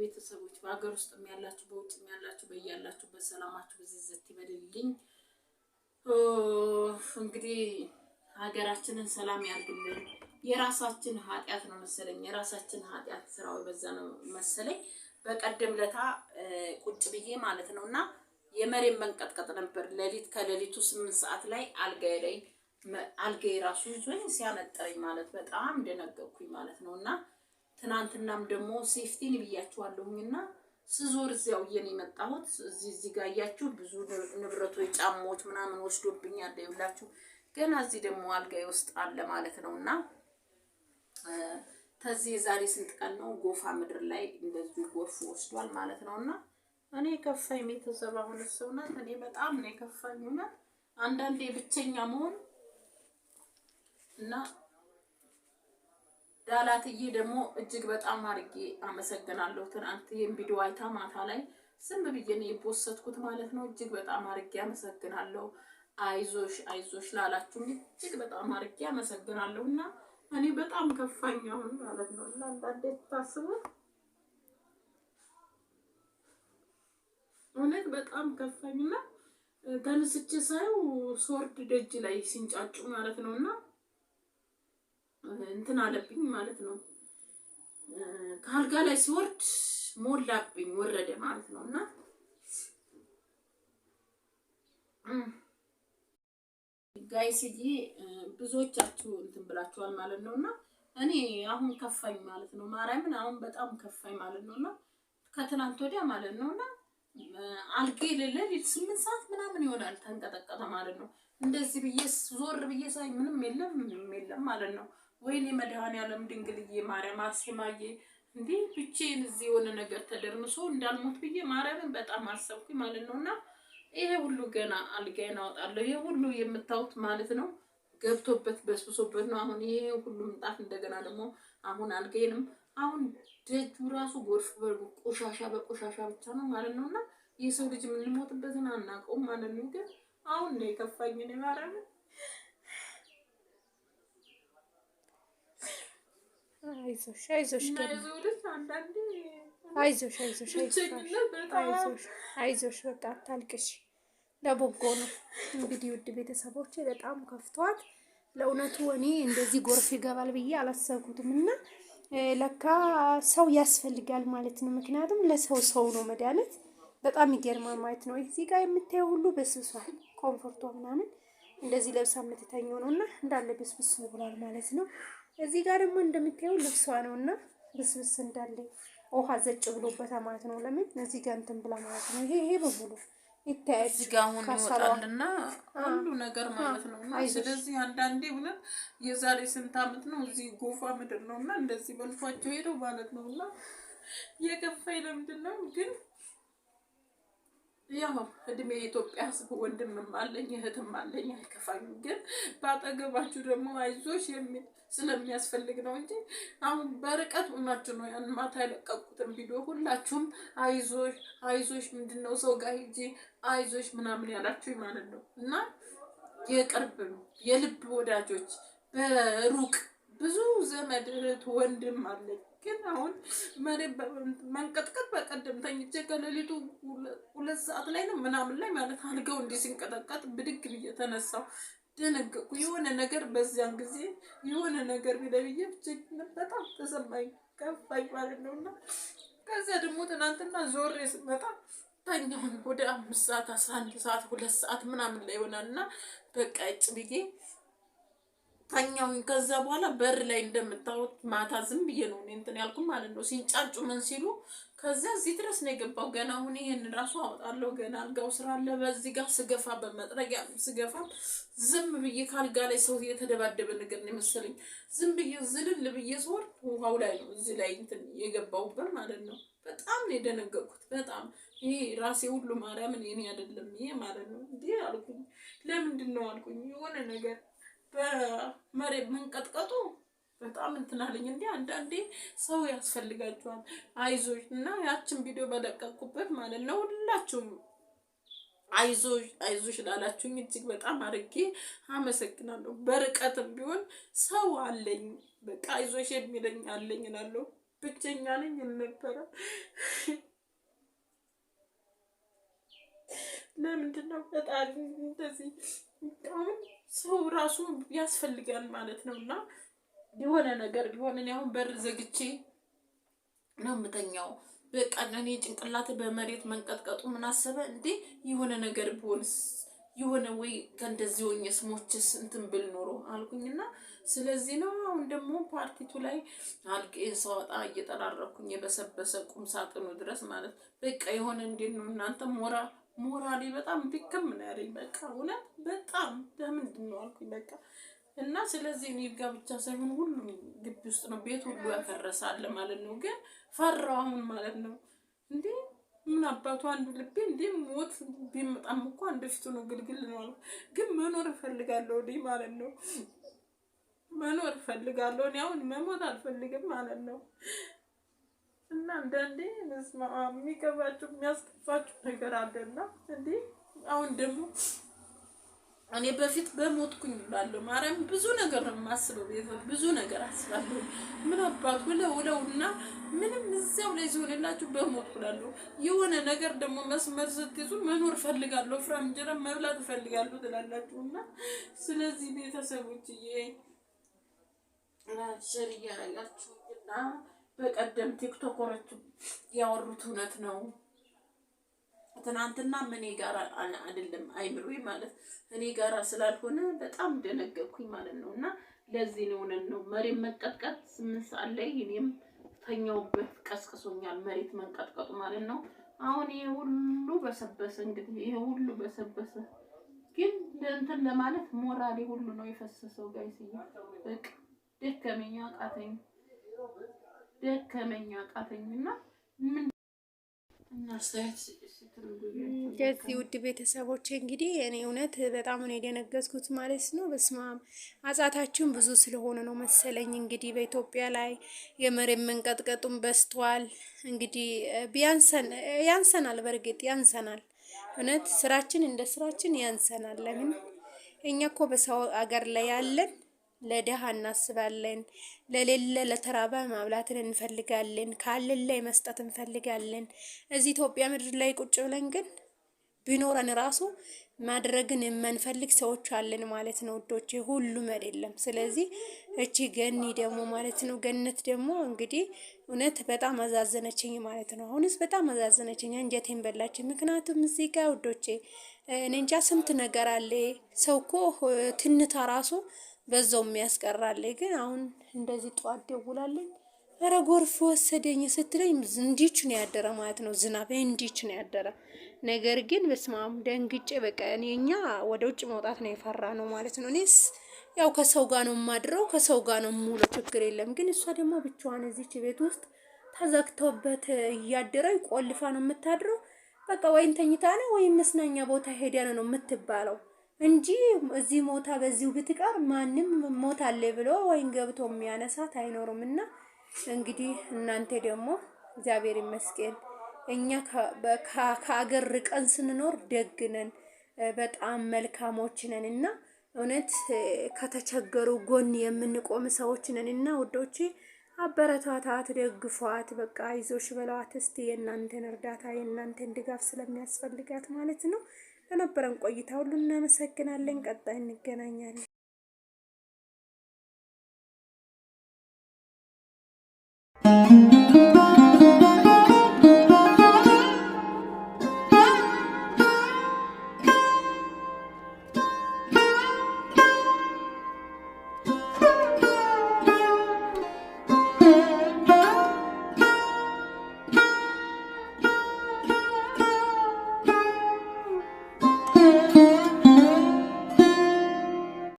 ቤተሰቦች በሀገር ውስጥም ያላችሁ በውጭም ያላችሁ በያላችሁበት ሰላማችሁ ብዝዝት ይበልልኝ። እንግዲህ ሀገራችንን ሰላም ያርግልን። የራሳችን ኃጢአት ነው መሰለኝ፣ የራሳችን ኃጢአት ስራው በዛ ነው መሰለኝ። በቀደም ለታ ቁጭ ብዬ ማለት ነው እና የመሬን መንቀጥቀጥ ነበር። ሌሊት ከሌሊቱ ስምንት ሰዓት ላይ አልጋዬ ላይ አልጋዬ ራሱ ይዞኝ ሲያነጠረኝ ማለት በጣም ደነገኩኝ ማለት ነው እና ትናንትናም ደግሞ ሴፍቲን ብያችኋለሁኝ እና ስዞር እዚያው እየን የመጣሁት እዚህ እዚህ ጋር እያችሁ ብዙ ንብረቱ ጫማዎች ምናምን ወስዶብኛል። ይኸውላችሁ ገና እዚህ ደግሞ አልጋዬ ውስጥ አለ ማለት ነው እና ከዚህ የዛሬ ስንት ቀን ነው ጎፋ ምድር ላይ እንደዚሁ ጎርፍ ወስዷል ማለት ነው እና እኔ የከፋኝ ቤተሰብ አሁን ሰውናት እኔ በጣም ነው የከፋኝ። እውነት አንዳንዴ ብቸኛ መሆን እና ዳላትዬ ደግሞ እጅግ በጣም አድርጌ አመሰግናለሁ። ትናንት ይህን ቪዲዮ አይታ ማታ ላይ ዝም ብዬ ነው የፖሰትኩት ማለት ነው። እጅግ በጣም አድርጌ አመሰግናለሁ። አይዞሽ አይዞሽ ላላችሁም እጅግ በጣም አድርጌ አመሰግናለሁ። እና እኔ በጣም ከፋኝ አሁን ማለት ነው። እና አንዳንዴ ታስቡት እውነት በጣም ከፋኝና ተነስቼ ሳየው ሶርድ ደጅ ላይ ሲንጫጩ ማለት ነው እና እንትን አለብኝ ማለት ነው። ከአልጋ ላይ ሲወርድ ሞላብኝ፣ ወረደ ማለት ነው እና ጋይስዬ ብዙዎቻችሁ እንትን ብላችኋል ማለት ነው እና እኔ አሁን ከፋኝ ማለት ነው። ማርያምን አሁን በጣም ከፋኝ ማለት ነው እና ከትናንት ወዲያ ማለት ነው እና አልጌ ልልል ስምንት ሰዓት ምናምን ይሆናል ተንቀጠቀጠ ማለት ነው። እንደዚህ ብዬ ዞር ብዬ ሳይ ምንም የለም ምንም የለም ማለት ነው። ወይኔ መድኃኔዓለም ድንግልዬ ማርያም አርሴማዬ እንዴ ብቼን እዚህ የሆነ ነገር ተደርምሶ እንዳልሞት ብዬ ማርያምን በጣም አሰብኩኝ ማለት ነው። እና ይሄ ሁሉ ገና አልጋዬን አወጣለሁ። ይሄ ሁሉ የምታዩት ማለት ነው ገብቶበት በስብሶበት ነው። አሁን ይሄ ሁሉ ምጣፍ እንደገና ደግሞ አሁን አልጋዬንም አሁን ደጁ ራሱ ጎርፍ ቆሻሻ በቆሻሻ ብቻ ነው ማለት ነው። እና የሰው ልጅ የምንሞትበትን አናውቀውም ማለት ነው። ግን አሁን ነው የከፋኝ ነው ማርያምን አይዞሽ አይዞሽ አይዞሽ አይዞሽ አይዞሽ አይዞሽ በቃ አታልቅሽ። ለበጎ ነው እንግዲህ ውድ ቤተሰቦች በጣም ከፍቷት። ለእውነቱ እኔ እንደዚህ ጎርፍ ይገባል ብዬ አላሰብኩትም እና ለካ ሰው ያስፈልጋል ማለት ነው። ምክንያቱም ለሰው ሰው ነው መድኃኒት። በጣም ይገርማል ማለት ነው። እዚህ ጋር የምታየው ሁሉ በስብሷል። ኮምፎርቷ ምናምን እንደዚህ ለብሳ የምትተኘው ነው እና እንዳለ በስብስ ብሏል ማለት ነው። እዚህ ጋር ደግሞ እንደምታየው ልብሷ ነው እና ብስብስ እንዳለ ውሃ ዘጭ ብሎበት ማለት ነው። ለምን እዚህ ጋር እንትን ብላ ማለት ነው። ይሄ ይሄ በሙሉ ይታያል እዚህ ጋር አሁን ይወጣልና ሁሉ ነገር ማለት ነው። እና ስለዚህ አንዳንዴ እውነት የዛሬ ስንት ዓመት ነው እዚህ ጎፋ ምድር ነው እና እንደዚህ በልፏቸው ሄደው ማለት ነው። እና የከፋይ ለምንድን ነው ግን ያው እድሜ የኢትዮጵያ ሕዝብ ወንድምም አለኝ እህትም አለኝ አይከፋኝ። ግን በአጠገባችሁ ደግሞ አይዞሽ የሚል ስለሚያስፈልግ ነው እንጂ አሁን በርቀት ሆናችሁ ነው ያን ማታ የለቀቁትን ቪዲዮ ሁላችሁም አይዞሽ አይዞሽ ምንድን ነው ሰው ጋር ሂጂ አይዞሽ ምናምን ያላችሁ ማለት ነው። እና የቅርብ የልብ ወዳጆች በሩቅ ብዙ ዘመድ እህት ወንድም አለኝ። ግን አሁን መሬት መንቀጥቀጥ በቀደም ተኝቼ ከሌሊቱ ሁለት ሰዓት ላይ ነው ምናምን ላይ ማለት አልገው እንዲህ ሲንቀጠቀጥ ብድግ ብዬ ተነሳው። ደነገጥኩ። የሆነ ነገር በዚያን ጊዜ የሆነ ነገር ቢለብዬ ብቻ በጣም ተሰማኝ፣ ከፋኝ ማለት ነው እና ከዚያ ደግሞ ትናንትና ዞሬ ስመጣ ተኛሁን ወደ አምስት ሰዓት አስራ አንድ ሰዓት ሁለት ሰዓት ምናምን ላይ ይሆናል እና በቃ እጭ ብዬ ተኛሁኝ። ከዛ በኋላ በር ላይ እንደምታዩት ማታ ዝም ብዬ ነው እንትን ያልኩ ማለት ነው ሲንጫጩ ምን ሲሉ ከዚያ እዚህ ድረስ ነው የገባው። ገና አሁን ይሄን ራሱ አወጣለሁ። ገና አልጋው ስራ አለ። በዚህ ጋር ስገፋ በመጥረጊያ ስገፋ ዝም ብዬ ካልጋ ላይ ሰው የተደባደበ ነገር ነው የመሰለኝ። ዝም ብዬ ዝልል ብዬ ስወርድ ውሃው ላይ ነው እዚህ ላይ እንትን የገባውበት ማለት ነው። በጣም ነው የደነገጥኩት። በጣም ይሄ ራሴ ሁሉ ማርያምን የኔ አይደለም ይሄ ማለት ነው። እንዲህ አልኩኝ። ለምንድን ነው አልኩኝ የሆነ ነገር በመሬት መንቀጥቀጡ በጣም እንትናለኝ እንዲ አንዳንዴ ሰው ያስፈልጋችኋል። አይዞሽ እና ያችን ቪዲዮ በለቀቁበት ማለት ነው ሁላችሁም አይዞሽ አይዞሽ ላላችሁኝ እጅግ በጣም አድርጌ አመሰግናለሁ። በርቀትም ቢሆን ሰው አለኝ፣ በቃ አይዞሽ የሚለኝ አለኝ እላለሁ። ብቸኛ ነኝ ነበረ። ለምንድን ነው ፈጣሪ እንደዚህ? አሁን ሰው ራሱ ያስፈልጋል ማለት ነው እና የሆነ ነገር ቢሆን እኔ አሁን በር ዘግቼ ነው የምተኛው። በቃ እኔ ጭንቅላት በመሬት መንቀጥቀጡ ምን አሰበ እንዴ የሆነ ነገር ቢሆንስ የሆነ ወይ ከእንደዚህ ሆኜ ስሞችስ እንትን ብል ኖሮ አልኩኝ። አልኩኝና ስለዚህ ነው አሁን ደግሞ ፓርቲቱ ላይ አልቄን ሰዋጣ እየጠራረኩኝ የበሰበሰ ቁም ሳጥኑ ድረስ ማለት በቃ የሆነ እንዴት ነው እናንተ ሞራ ሞራሌ በጣም ድክም ነው ያለኝ። በቃ እውነት በጣም ለምንድን ነው አልኩኝ በቃ እና ስለዚህ እኔ ጋ ብቻ ሳይሆን ሁሉም ግቢ ውስጥ ነው ቤት ሁሉ ያፈረሳል ማለት ነው። ግን ፈራው አሁን ማለት ነው እንዴ ምን አባቱ አንዱ ልቤ እንዴ ሞት ቢመጣም እኮ አንድ ፊቱ ነው ግልግል ነው። ግን መኖር እፈልጋለሁ እኔ ማለት ነው መኖር እፈልጋለሁ እኔ አሁን መሞት አልፈልግም ማለት ነው። እና አንዳንዴ መስማ የሚገባችሁ የሚያስከፋችሁ ነገር አለና እንዴ አሁን ደግሞ እኔ በፊት በሞትኩኝ እላለሁ። ማርያም ብዙ ነገር ነው የማስበው፣ ብዙ ነገር አስባለሁ። ምን አባት ውለው ውለው እና ምንም እዚያው ላይ ሲሆንላችሁ በሞትኩ እላለሁ። የሆነ ነገር ደግሞ መስመር ስትይዙ መኖር እፈልጋለሁ፣ ፍራም እንጀራ መብላት እፈልጋለሁ ትላላችሁ እና ስለዚህ ቤተሰቦችዬ ሽር እያላችሁ እና በቀደም ቲክቶኮሮች ያወሩት እውነት ነው። ትናንትና እኔ ጋር አይደለም አይምሬ ማለት እኔ ጋር ስላልሆነ በጣም ደነገኩኝ ማለት ነው። እና ለዚህ ነው ነን ነው መሬት መንቀጥቀጥ ስምንት ሰዓት ላይ እኔም ተኛውበት ቀስቅሶኛል፣ መሬት መንቀጥቀጡ ማለት ነው። አሁን ይሄ ሁሉ በሰበሰ እንግዲህ ይሄ ሁሉ በሰበሰ ግን እንትን ለማለት ሞራሌ ሁሉ ነው የፈሰሰው። ጋይስዬ በቃ ደከመኛ ቃተኝ ደከመኛ ቃተኝና ምን እና ከዚህ ውድ ቤተሰቦች እንግዲህ እኔ እውነት በጣም ነው የደነገዝኩት ማለት ነው። በስማም አጻታችን ብዙ ስለሆነ ነው መሰለኝ እንግዲህ በኢትዮጵያ ላይ የመሬት መንቀጥቀጡን በስቷል እንግዲህ ቢያንሰን ያንሰናል፣ በእርግጥ ያንሰናል። እውነት ስራችን እንደ ስራችን ያንሰናል። ለምን እኛ እኮ በሰው አገር ላይ ያለን ለድሃ እናስባለን። ለሌለ ለተራበ ማብላትን እንፈልጋለን። ካለን ላይ መስጠት እንፈልጋለን። እዚህ ኢትዮጵያ ምድር ላይ ቁጭ ብለን ግን ቢኖረን ራሱ ማድረግን የማንፈልግ ሰዎች አለን ማለት ነው ውዶቼ፣ ሁሉም አይደለም። ስለዚህ እቺ ገኒ ደግሞ ማለት ነው ገነት ደግሞ እንግዲህ እውነት በጣም አዛዘነችኝ ማለት ነው። አሁንስ በጣም አዛዘነችኝ፣ አንጀቴን በላችኝ። ምክንያቱም እዚህ ጋር ውዶቼ እኔ እንጃ ስንት ነገር አለ። ሰው እኮ ትንታ ራሱ በዛው የሚያስቀራለኝ። ግን አሁን እንደዚህ ጠዋት ደውላለኝ ኧረ ጎርፍ ወሰደኝ ስትለኝ እንዲች ነው ያደረ ማለት ነው። ዝናብ እንዲች ነው ያደረ። ነገር ግን በስማም ደንግጬ በቃ እኔ እኛ ወደ ውጭ መውጣት ነው የፈራ ነው ማለት ነው። እኔስ ያው ከሰው ጋር ነው የማድረው ከሰው ጋር ነው የምውለው ችግር የለም። ግን እሷ ደግሞ ብቻዋን እዚች ቤት ውስጥ ተዘግተውበት እያደረ ቆልፋ ነው የምታድረው። በቃ ወይም ተኝታ ነው ወይም መስናኛ ቦታ ሄዳ ነው የምትባለው። እንጂ እዚህ ሞታ በዚሁ ብትቀር ማንም አለ ብሎ ወይም ገብቶ የሚያነሳት አይኖርም። እና እንግዲህ እናንተ ደግሞ እግዚአብሔር ይመስገን እኛ ከአገር ርቀን ስንኖር ደግነን በጣም መልካሞች ነን እና እውነት ከተቸገሩ ጎን የምንቆም ሰዎች ነን እና ውዶቼ አበረታታት፣ ደግፏት፣ በቃ አይዞሽ በለዋት። እስቲ የእናንተን እርዳታ የእናንተን ድጋፍ ስለሚያስፈልጋት ማለት ነው። ለነበረን ቆይታ ሁሉ እናመሰግናለን። ቀጣይ እንገናኛለን።